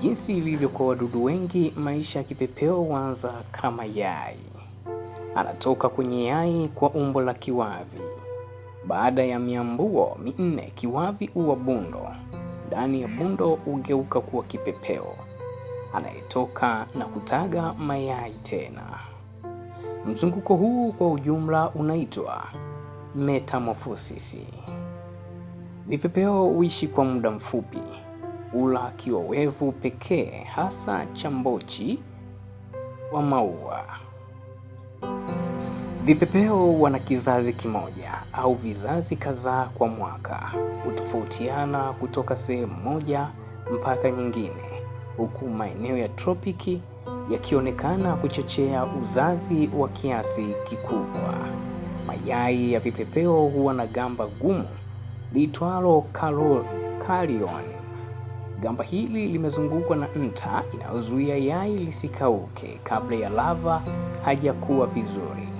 Jinsi ilivyo kwa wadudu wengi, maisha ya kipepeo huanza kama yai. Anatoka kwenye yai kwa umbo la kiwavi. Baada ya miambuo minne, kiwavi huwa bundo. Ndani ya bundo hugeuka kuwa kipepeo anayetoka na kutaga mayai tena. Mzunguko huu kwa ujumla unaitwa metamorphosis. Vipepeo huishi kwa muda mfupi chakula kiowevu pekee, hasa chambochi wa maua. Vipepeo wana kizazi kimoja au vizazi kadhaa kwa mwaka, hutofautiana kutoka sehemu moja mpaka nyingine, huku maeneo ya tropiki yakionekana kuchochea uzazi wa kiasi kikubwa. Mayai ya vipepeo huwa na gamba gumu liitwalo carrion Gamba hili limezungukwa na nta inayozuia yai lisikauke kabla ya lava hajakuwa vizuri.